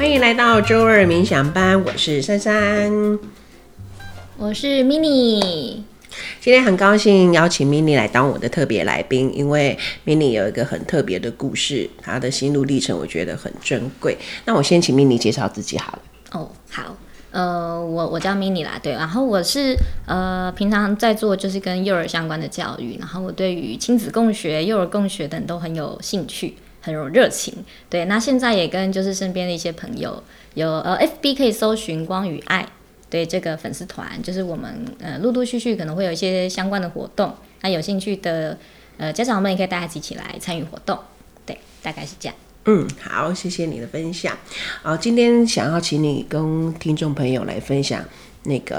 歡迎來到週二冥想班，我是33，我是 mini。今天很高興邀請 mini 來當我的特別來賓，因為 mini 有一個很特別的故事，她的心路歷程我覺得很珍貴。那我先請 mini 介紹自己好了。哦、oh，好，呃，我我叫 mini 啦，對，然後我是呃平常在做就是跟幼兒相關的教育，然後我對於親子共學、幼兒共學等都很有興趣。很有熱情，對。那現在也跟就是身邊的一些朋友有呃，FB 可以搜尋“光與愛”，對這個粉絲團，就是我們呃陸陸續續可能會有一些相關的活動。那有興趣的呃家長們也可以大家一起，起來參與活動，對，大概是這樣。嗯，好，謝謝你的分享。啊、哦，今天想要請你跟聽眾朋友來分享那個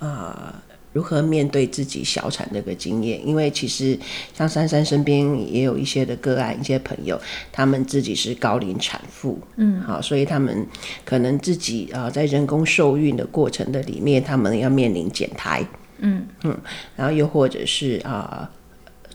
呃。如何面對自己小產的一個經驗？因為其實像珊珊身邊也有一些的個案，一些朋友，他們自己是高齡產婦，嗯，好，所以他們可能自己啊、呃，在人工受孕的過程的裡面，他們要面臨減胎，嗯嗯，然後又或者是啊，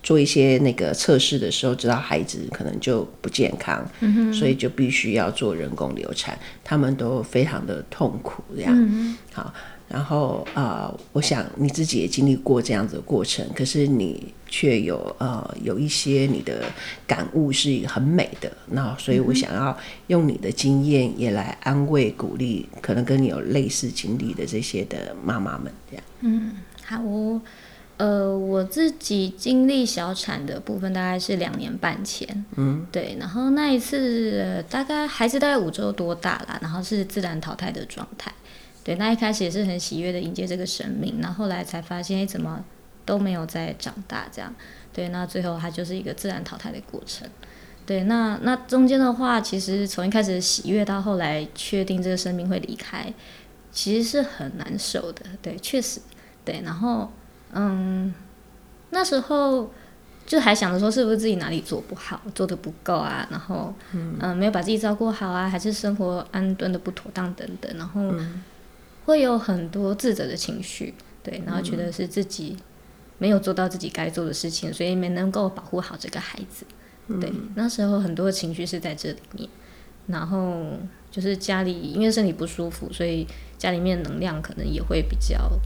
做一些那個測試的時候，知道孩子可能就不健康，嗯哼，所以就必須要做人工流產，他們都非常的痛苦，這樣，嗯、好。然後啊，呃，我想你自己也經歷過這樣子的過程，可是你卻有呃有一些你的感悟是很美的。那所以我想要用你的經驗也來安慰鼓勵，可能跟你有類似經歷的這些的媽媽們這樣。嗯，好我，呃，我自己經歷小產的部分大概是兩年半前，嗯，對，然後那一次大概孩子大概五周多大啦，然後是自然淘汰的狀態。對，那一開始也是很喜悅的迎接這個生命，那後來才發現，欸，怎麼都沒有再長大這樣。對，那最後它就是一個自然淘汰的過程。對，那那中間的話，其實從一開始喜悅到後來確定這個生命會離開，其實是很難受的。對，確實。對，然後，嗯，那時候就還想着說，是不是自己哪裡做不好，做得不夠啊？然後，嗯，沒有把自己照顧好啊，還是生活安頓得不妥當等等。然後，嗯會有很多自責的情緒，對，然後覺得是自己沒有做到自己該做的事情，嗯、所以沒能夠保護好這個孩子。嗯、對，那時候很多的情緒是在這裡面，然後就是家裡因為身體不舒服，所以家裡面能量可能也會比較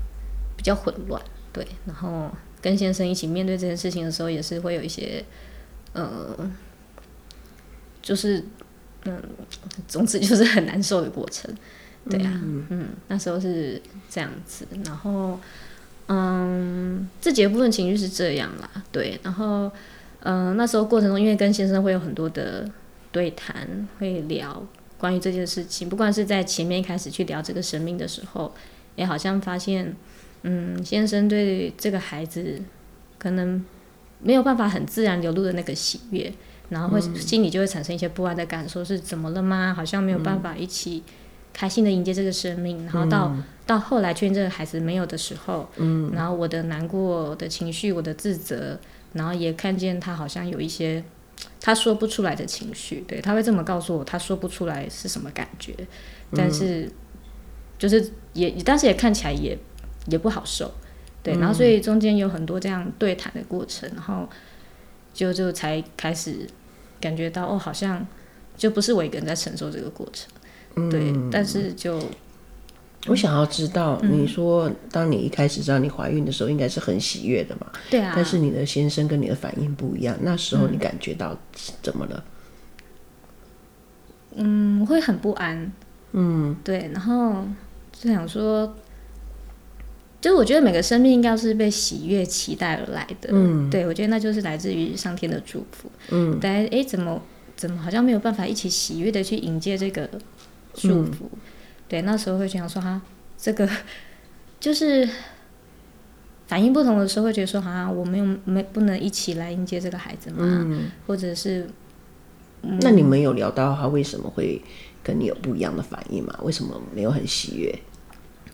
比較混亂。對，然後跟先生一起面對這件事情的時候，也是會有一些嗯、呃，就是嗯，總之就是很難受的過程。對呀、啊嗯嗯，嗯，那時候是這樣子，然後，嗯，自己的部分情緒是這樣啦，對，然後，嗯，那時候過程中，因為跟先生會有很多的對談，會聊關於這件事情，不管是在前面一開始去聊這個生命的時候，也好像發現，嗯，先生對這個孩子可能沒有辦法很自然流露的那個喜悅，然後會心裡就會產生一些不安的感受、嗯，是怎麼了嗎？好像沒有辦法一起開心地迎接這個生命，然後到、嗯、到後來確認這個孩子沒有的時候，嗯，然後我的難過的情緒，我的自責，然後也看見他好像有一些他說不出來的情緒，對，他會這麼告訴我，他說不出來是什麼感覺，嗯、但是就是也當時也看起來也也不好受，對，嗯、然後所以中間有很多這樣對談的過程，然後就就才開始感覺到哦，好像就不是我一個人在承受這個過程。嗯、對，但是就我想要知道，嗯、你說當你一開始知道你懷孕的時候，應該是很喜悅的嘛？對啊。但是你的先生跟你的反應不一樣，那時候你感覺到怎麼了？嗯，會很不安。嗯，對。然後就想說，就是我覺得每個生命應該是被喜悅期待而來的。嗯，對，我覺得那就是來自於上天的祝福。嗯，但哎、欸，怎麼怎麼好像沒有辦法一起喜悅的去迎接這個？舒服，嗯、對，那時候會想說哈、啊，這個就是反應不同的時候會覺得說哈、啊，我沒有沒不能一起來迎接這個孩子嘛、嗯，或者是，嗯、那你們有聊到他為什麼會跟你有不一樣的反應嗎？為什麼沒有很喜悅？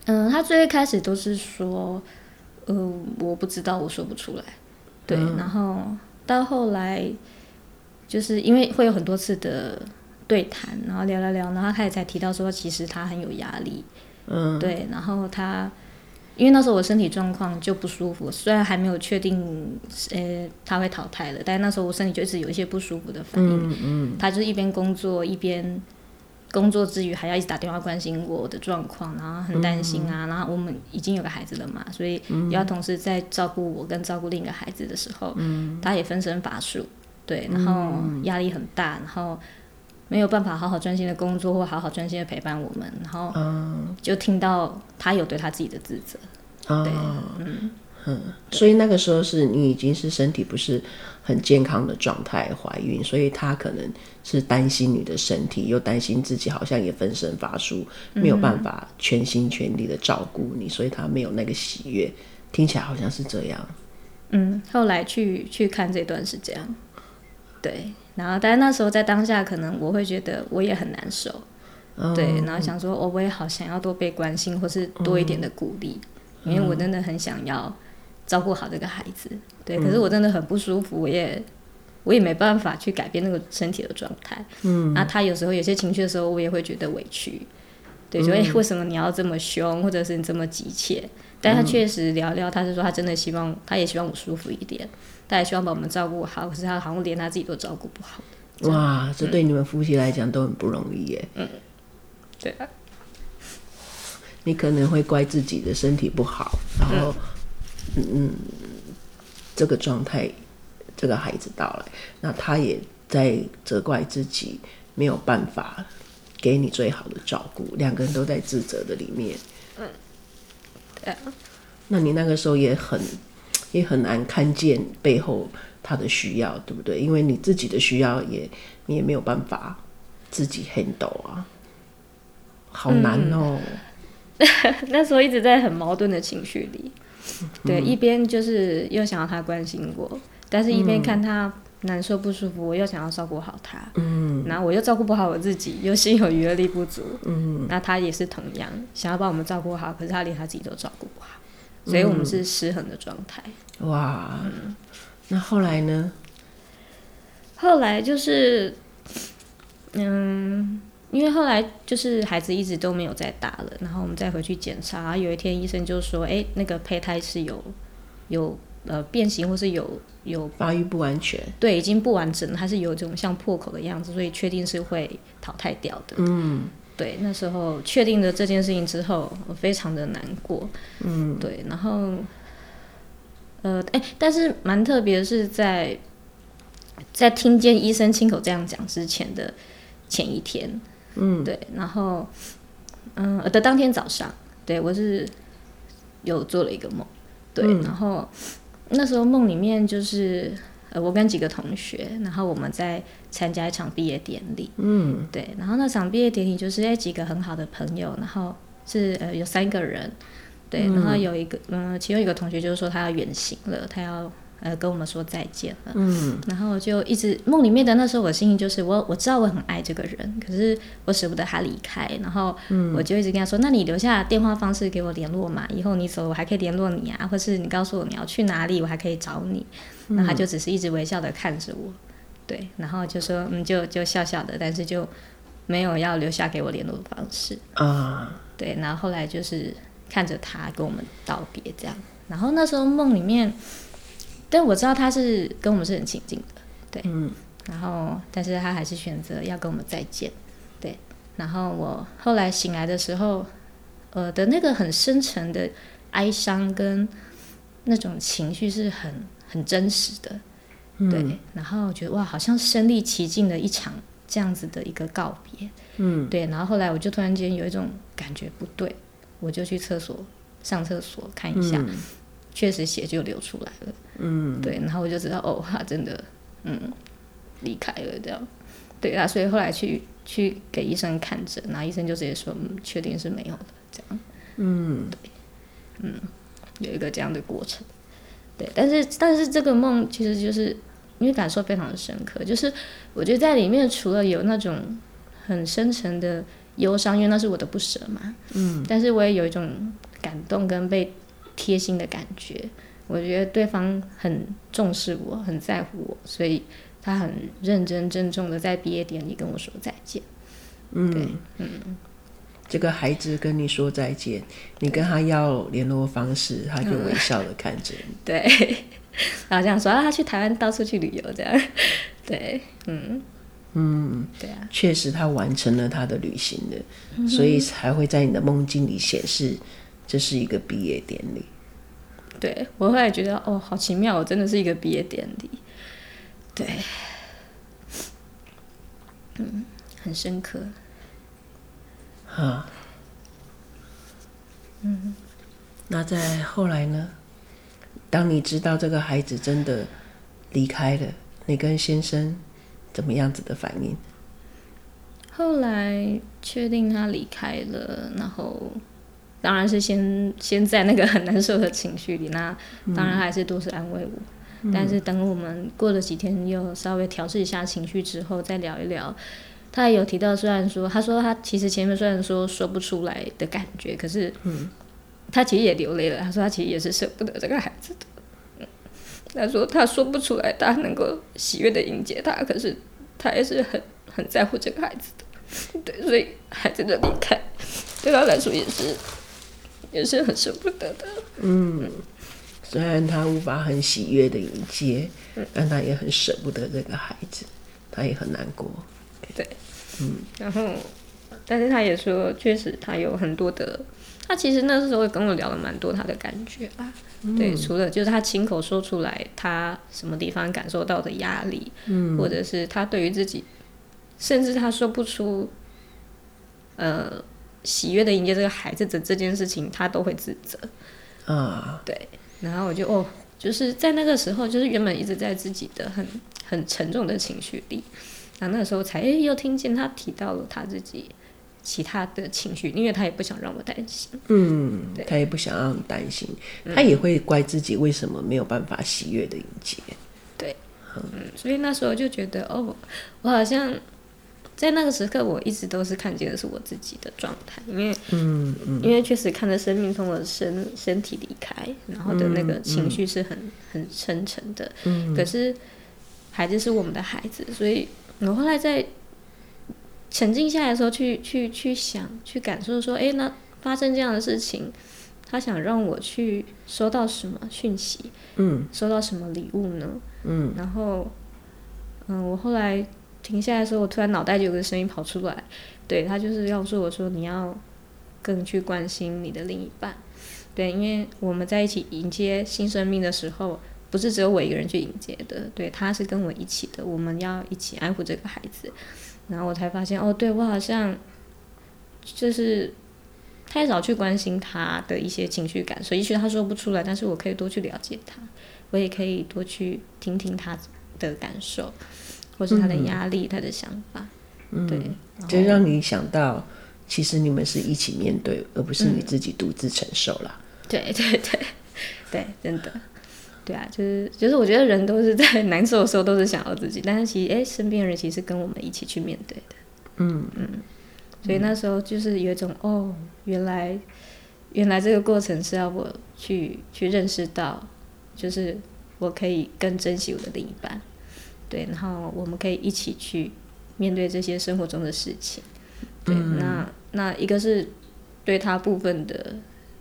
嗯，他最開始都是說，呃，我不知道，我說不出來。嗯、對，然後到後來就是因為會有很多次的。對談，然後聊聊聊，然後他也才提到說，其實他很有壓力，嗯，對，然後他因為那時候我身體狀況就不舒服，雖然還沒有確定呃、欸、他會淘汰了，但是那時候我身體就一直有一些不舒服的反應，嗯嗯，他就是一邊工作一邊工作之餘還要一直打電話關心我的狀況，然後很擔心啊、嗯，然後我們已經有個孩子了嘛，所以要同時在照顧我跟照顧另一個孩子的時候，嗯，他也分身乏術，對，然後壓力很大，然後。沒有辦法好好專心的工作，或好好專心的陪伴我們，然後就聽到他有對他自己的自責，哦、對，嗯，嗯，所以那個時候是你已經是身體不是很健康的狀態，懷孕，所以他可能是擔心你的身體，又擔心自己好像也分身乏術，沒有辦法全心全力的照顧你，嗯，所以他沒有那個喜悅，聽起來好像是這樣，嗯，後來去去看這段是這樣。對，然後但是，那時候在當下，可能我會覺得我也很難受，oh. 對，然後想說，哦，我也好想要多被關心，或是多一點的鼓勵，oh. 因為我真的很想要照顧好這個孩子，對，oh. 可是我真的很不舒服，我也我也沒辦法去改變那個身體的狀態，嗯，那他有時候有些情緒的時候，我也會覺得委屈，對，所、oh. 以為什麼你要這麼凶，或者是你這麼急切？但他確實聊聊，他是說他真的希望，oh. 他也希望我舒服一點。他也希望把我們照顧好，可是他好像連他自己都照顧不好。哇，這對你們夫妻來講都很不容易耶。嗯。嗯，對啊。你可能會怪自己的身體不好，然後，嗯嗯，這個狀態，這個孩子到來，那他也在責怪自己沒有辦法給你最好的照顧，兩個人都在自責的裡面。嗯，對啊。那你那個時候也很。也很難看見背後他的需要，對不對？因為你自己的需要也你也沒有辦法自己 handle 啊，好難哦、喔嗯。那時候一直在很矛盾的情緒裡，對，嗯、一邊就是又想要他關心我，但是一邊看他難受不舒服，嗯、我又想要照顧好他。嗯，然後我又照顧不好我自己，又心有餘而力不足。嗯，那他也是同樣想要把我們照顧好，可是他連他自己都照顧不好。所以我們是失衡的狀態。嗯。哇，那後來呢？後來就是，嗯，因為後來就是孩子一直都沒有再打了，然後我們再回去檢查，有一天醫生就說：“哎，那個胚胎是有有呃變形，或是有有發育不完全，對，已經不完整了，它是有這種像破口的樣子，所以確定是會淘汰掉的。”嗯。對，那時候確定了這件事情之後，我非常的難過。嗯，對，然後，呃，哎，但是蠻特別的是在，在聽見醫生親口這樣講之前的前一天，嗯，對，然後，嗯，的當天早上，對我是，有做了一個夢，對，嗯，然後那時候夢裡面就是。呃，我跟幾個同學，然後我們在參加一場畢業典禮。嗯，對，然後那場畢業典禮就是，那、欸、幾個很好的朋友，然後是呃有三個人，對、嗯，然後有一個，嗯，其中一個同學就是說他要遠行了，他要。呃，跟我們說再見了。嗯，然後就一直夢裡面的那時候，我心情就是我我知道我很愛這個人，可是我捨不得他離開。然後我就一直跟他說：“嗯、那你留下電話方式給我聯絡嘛，以後你走了我還可以聯絡你啊，或是你告訴我你要去哪裡，我還可以找你。嗯”那他就只是一直微笑的看着我，對，然後就說：“嗯，就就笑笑的，但是就沒有要留下給我聯絡的方式啊。”對，然後後來就是看着他跟我們道別這樣，然後那時候夢裡面。但我知道他是跟我們是很親近的，對，嗯，然後但是他還是選擇要跟我們再見，對，然後我後來醒來的時候，呃的那個很深沉的哀傷跟那種情緒是很很真實的，對，嗯，然後我覺得哇，好像身歷其境的一場這樣子的一個告別，嗯，對，然後後來我就突然間有一種感覺不對，我就去廁所上廁所看一下。嗯確實血就流出來了，嗯，對，然後我就知道，哦，他真的，嗯，離開了這樣，對啊，所以後來去去給醫生看診，然後醫生就直接說，嗯，確定是沒有這樣，嗯，對，嗯，有一個這樣的過程，對，但是但是這個夢其實就是因為感受非常的深刻，就是我覺得在裡面除了有那種很深沉的憂傷，因為那是我的不捨嘛，嗯，但是我也有一種感動跟被。貼心的感覺，我覺得對方很重視我，很在乎我，所以他很認真鄭重的在畢業典禮跟我說再見。嗯對嗯，這個孩子跟你說再見，你跟他要聯絡方式，他就微笑的看着你，嗯。對，然後這樣說啊，他去台灣到處去旅遊，這樣。對，嗯嗯，對啊，確實他完成了他的旅行的，所以才會在你的夢境裡顯示。這是一個畢業典禮，對，我後來覺得哦，好奇妙，我真的是一個畢業典禮，對，嗯，很深刻，啊，嗯，那在後來呢？當你知道這個孩子真的離開了，你跟先生怎麼樣子的反應？後來確定他離開了，然後。當然是先先在那個很難受的情緒裡，那當然還是多是安慰我，嗯嗯。但是等我們過了幾天，又稍微調適一下情緒之後，再聊一聊。他也有提到，雖然說他說他其實前面雖然說說不出來的感覺，可是他其實也流淚了。他說他其實也是舍不得這個孩子的。嗯、他說他說不出來，他能夠喜悅的迎接他，可是他也是很很在乎這個孩子的。對，所以孩子的離開對他來說也是。也是很捨不得的。嗯，雖然他無法很喜悅的迎接，嗯，但他也很捨不得這個孩子，他也很難過。對，嗯，然後，但是他也說，確實他有很多的，他其實那時候也跟我聊了蠻多他的感覺吧，啊嗯。對，除了就是他親口說出來，他什麼地方感受到的壓力，嗯，或者是他對於自己，甚至他說不出，呃。喜悅的迎接這個孩子的這件事情，他都會自責，啊，對。然後我就哦，就是在那個時候，就是原本一直在自己的很很沉重的情緒裡，那那時候才、欸、又聽見他提到了他自己其他的情緒，因為他也不想讓我擔心，嗯，他也不想讓我擔心，他也會怪自己為什麼沒有辦法喜悅的迎接、嗯，對，嗯，所以那時候就覺得哦，我好像。在那個時刻，我一直都是看見的是我自己的狀態，因為，嗯嗯、因為確實看着生命從我的身身體離開，然後的那個情緒是很、嗯嗯、很深沉的、嗯嗯。可是孩子是我們的孩子，所以我後來在沉靜下來的時候去，去去去想，去感受說，哎、欸，那發生這樣的事情，他想讓我去收到什麼訊息？嗯，收到什麼禮物呢？嗯，然後，嗯，我後來。停下來的時候，我突然腦袋就有個聲音跑出來，對，他就是告訴我說，你要更去關心你的另一半，對，因為我們在一起迎接新生命的時候，不是只有我一個人去迎接的，對，他是跟我一起的，我們要一起愛護這個孩子。然後我才發現，哦，對，我好像就是太少去關心他的一些情緒感受，也許他說不出來，但是我可以多去了解他，我也可以多去聽聽他的感受。或是他的壓力，嗯嗯，他的想法，對、嗯，就讓你想到，其實你們是一起面對，而不是你自己獨自承受了。對對對，對，真的，對啊，就是，就是我覺得人都是在難受的時候都是想要自己，但是其實誒、欸，身邊人其實跟我們一起去面對的。嗯嗯，所以那時候就是有一種、嗯，哦，原來，原來這個過程是要我去去認識到，就是我可以更珍惜我的另一半。對，然後我們可以一起去面對這些生活中的事情。對，嗯、那那一個是對他部分的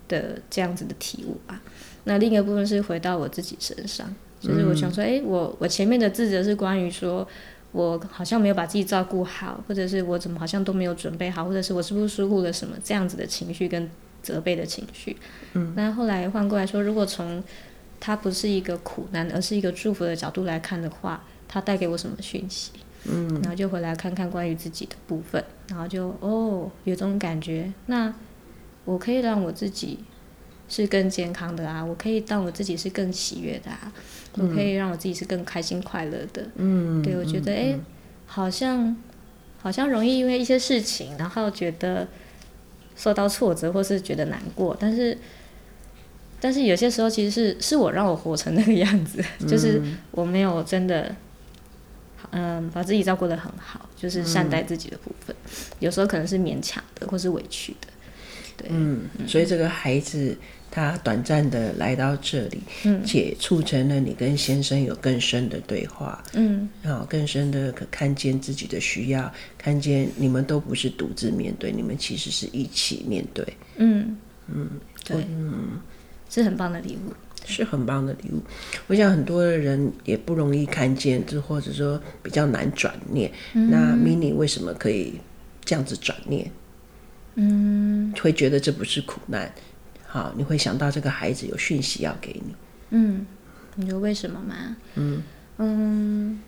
的這樣子的體悟吧。那另一個部分是回到我自己身上，就是我想說，嗯、誒，我我前面的自責是關於說，我好像沒有把自己照顧好，或者是我怎麼好像都沒有準備好，或者是我是不是疏忽了什麼這樣子的情緒跟責備的情緒。嗯。那後來換過來說，如果從他不是一個苦難，而是一個祝福的角度來看的話，他帶給我什麼訊息？嗯，然後就回來看看關於自己的部分，然後就哦，有這種感覺，那我可以讓我自己是更健康的啊，我可以當我自己是更喜悅的啊、嗯，我可以讓我自己是更開心快樂的。嗯，對我覺得哎、嗯嗯欸，好像好像容易因為一些事情，然後覺得受到挫折或是覺得難過，但是但是有些時候其實是是我讓我活成那個樣子，嗯、 就是我沒有真的。嗯，把自己照顧的很好，就是善待自己的部分。嗯、有時候可能是勉強的，或是委屈的。對，嗯，所以這個孩子、嗯、他短暫的來到這裡，嗯，且促成了你跟先生有更深的對話，嗯，啊，更深的可看見自己的需要，看見你們都不是獨自面對，你們其實是一起面對。嗯嗯，對，嗯，是很棒的禮物。是很棒的禮物。我想很多的人也不容易看見，就或者說比較難轉念，嗯。那 Mini 為什麼可以這樣子轉念？嗯，會覺得這不是苦難。好，你會想到這個孩子有訊息要給你。嗯，你覺得為什麼嗎？嗯嗯，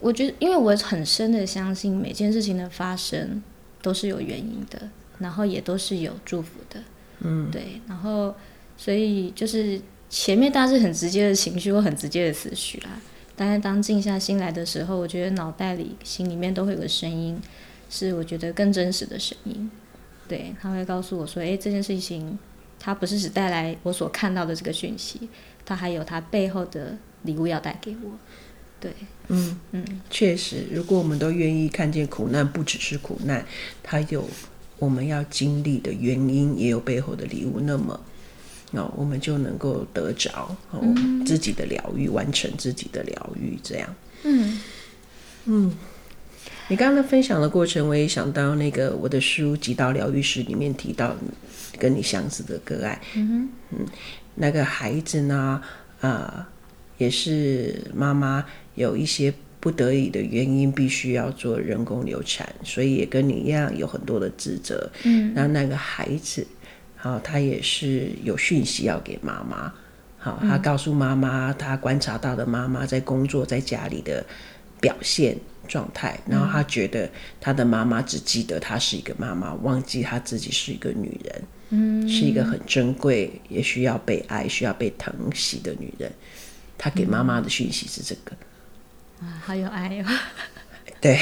我覺得因為我很深的相信，每件事情的發生都是有原因的，然後也都是有祝福的。嗯，對，然後所以就是。前面當然是很直接的情緒或很直接的思緒啦，但是當靜下心來的時候，我覺得腦袋裡、心裡面都會有個聲音，是我覺得更真實的聲音。對，他會告訴我說：“誒，這件事情，它不是只帶來我所看到的這個訊息，它還有它背後的禮物要帶給我。”對，嗯嗯，確實，如果我們都願意看見苦難，不只是苦難，它有我們要經歷的原因，也有背後的禮物，那麼。Oh, 我們就能夠得着、oh, mm -hmm. 自己的療癒，完成自己的療癒，這樣。嗯、mm -hmm. 嗯，你剛剛的分享的過程，我也想到那個我的書《極道療癒師》裡面提到跟你相似的個案。Mm -hmm. 嗯，那個孩子呢，啊、呃，也是媽媽有一些不得已的原因，必須要做人工流產，所以也跟你一樣有很多的自責。嗯、mm -hmm.，然後那個孩子。好，他也是有訊息要給媽媽。好，他告訴媽媽，他觀察到的媽媽在工作、在家裡的表現狀態，然後他覺得他的媽媽只記得她是一個媽媽，忘記她自己是一個女人，嗯，是一個很珍貴，也需要被愛、需要被疼惜的女人。他給媽媽的訊息是這個，啊，好有愛喲哦。 對，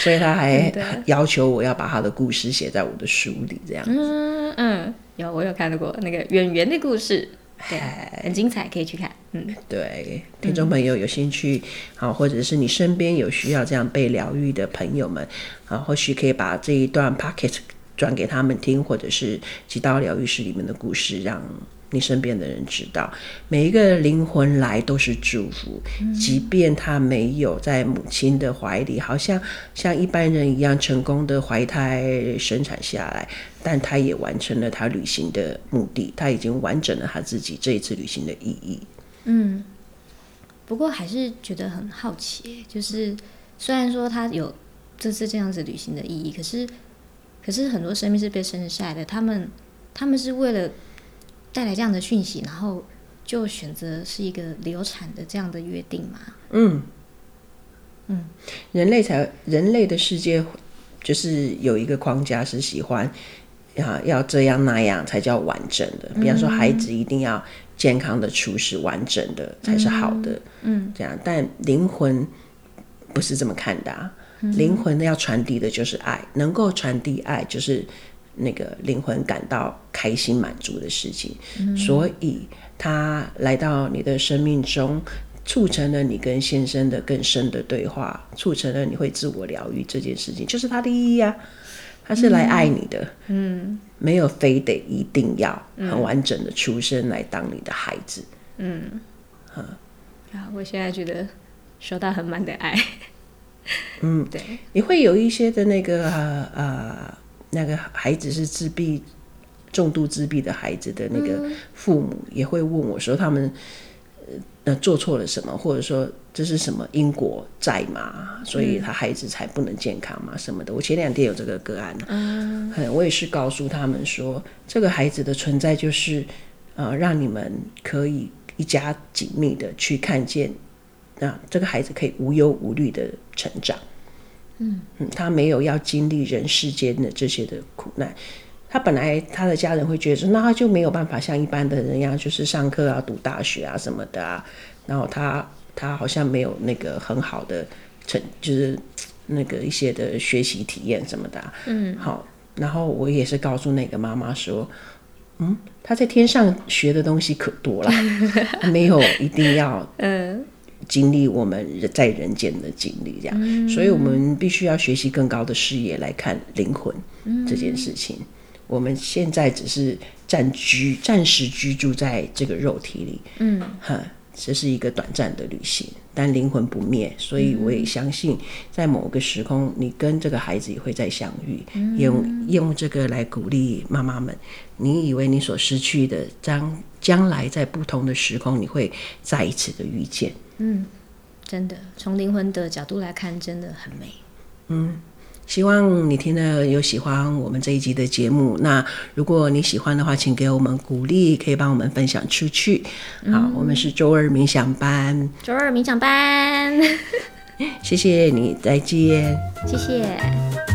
所以他還要求我要把他的故事寫在我的書裡，這樣子，嗯嗯。有，我有看到過那個演員的故事，對，很精彩，可以去看。嗯，對，聽眾朋友有興趣，好、嗯啊，或者是你身邊有需要這樣被療癒的朋友們，啊，或許可以把這一段 podcast 轉給他們聽，或者是極道療癒師裡面的故事，讓你身邊的人知道，每一個靈魂來都是祝福，即便他沒有在母親的懷裡，好像像一般人一樣成功的懷胎生產下來，但他也完成了他旅行的目的，他已經完整了他自己這一次旅行的意義。嗯，不過還是覺得很好奇，就是雖然說他有這次這樣子旅行的意義，可是可是很多生命是被生下來的，他們他們是為了。帶來這樣的訊息，然後就選擇是一個流產的這樣的約定嘛？嗯嗯，人類才人類的世界就是有一個框架，是喜歡啊，要要這樣那樣才叫完整的，嗯嗯，比方說，孩子一定要健康的出世，完整的才是好的。嗯，嗯，這樣，但靈魂不是這麼看的啊。嗯嗯、靈魂呢要傳遞的就是愛，能夠傳遞愛就是。那個靈魂感到開心滿足的事情，嗯，所以他來到你的生命中，促成了你跟先生的更深的對話，促成了你會自我療癒這件事情，就是他的意義啊，他是來愛你的，嗯，沒有非得一定要很完整的出生來當你的孩子，嗯，嗯啊，我現在覺得收到很滿的愛， 嗯，對，你會有一些的那個呃。呃那個孩子是自閉，重度自閉的孩子的那個父母也會問我說，他們呃做錯了什麼，或者說這是什麼因果債嘛，所以他孩子才不能健康嘛什麼的。嗯，我前兩天有這個個案，嗯，我也是告訴他們說，這個孩子的存在就是呃讓你們可以一家緊密的去看見，那這個孩子可以無憂無慮的成長。嗯，他沒有要經歷人世間的這些的苦難，他本來他的家人會覺得說，那他就沒有辦法像一般的人一樣，就是上課啊、讀大學啊什麼的啊。然後他他好像沒有那個很好的成，就是那個一些的學習體驗什麼的啊。嗯，好，然後我也是告訴那個媽媽說，嗯，他在天上學的東西可多了， 沒有一定要嗯。經歷我們人在人間的經歷，這樣，嗯，所以我們必須要學習更高的視野來看靈魂這件事情。嗯、我們現在只是暫居、暫時居住在這個肉體裡，嗯，哈，這是一個短暫的旅行，但靈魂不滅，所以我也相信，在某個時空，你跟這個孩子也會再相遇，嗯、用用這個來鼓勵媽媽們。你以為你所失去的將，將將來在不同的時空，你會再一次的遇見。嗯，真的，從靈魂的角度來看，真的很美。嗯，希望你聽了有喜歡我們這一集的節目。那如果你喜歡的話，請給我們鼓勵，可以幫我們分享出去。好，嗯，我們是週二冥想班，週二冥想班，謝謝你，再見，謝謝。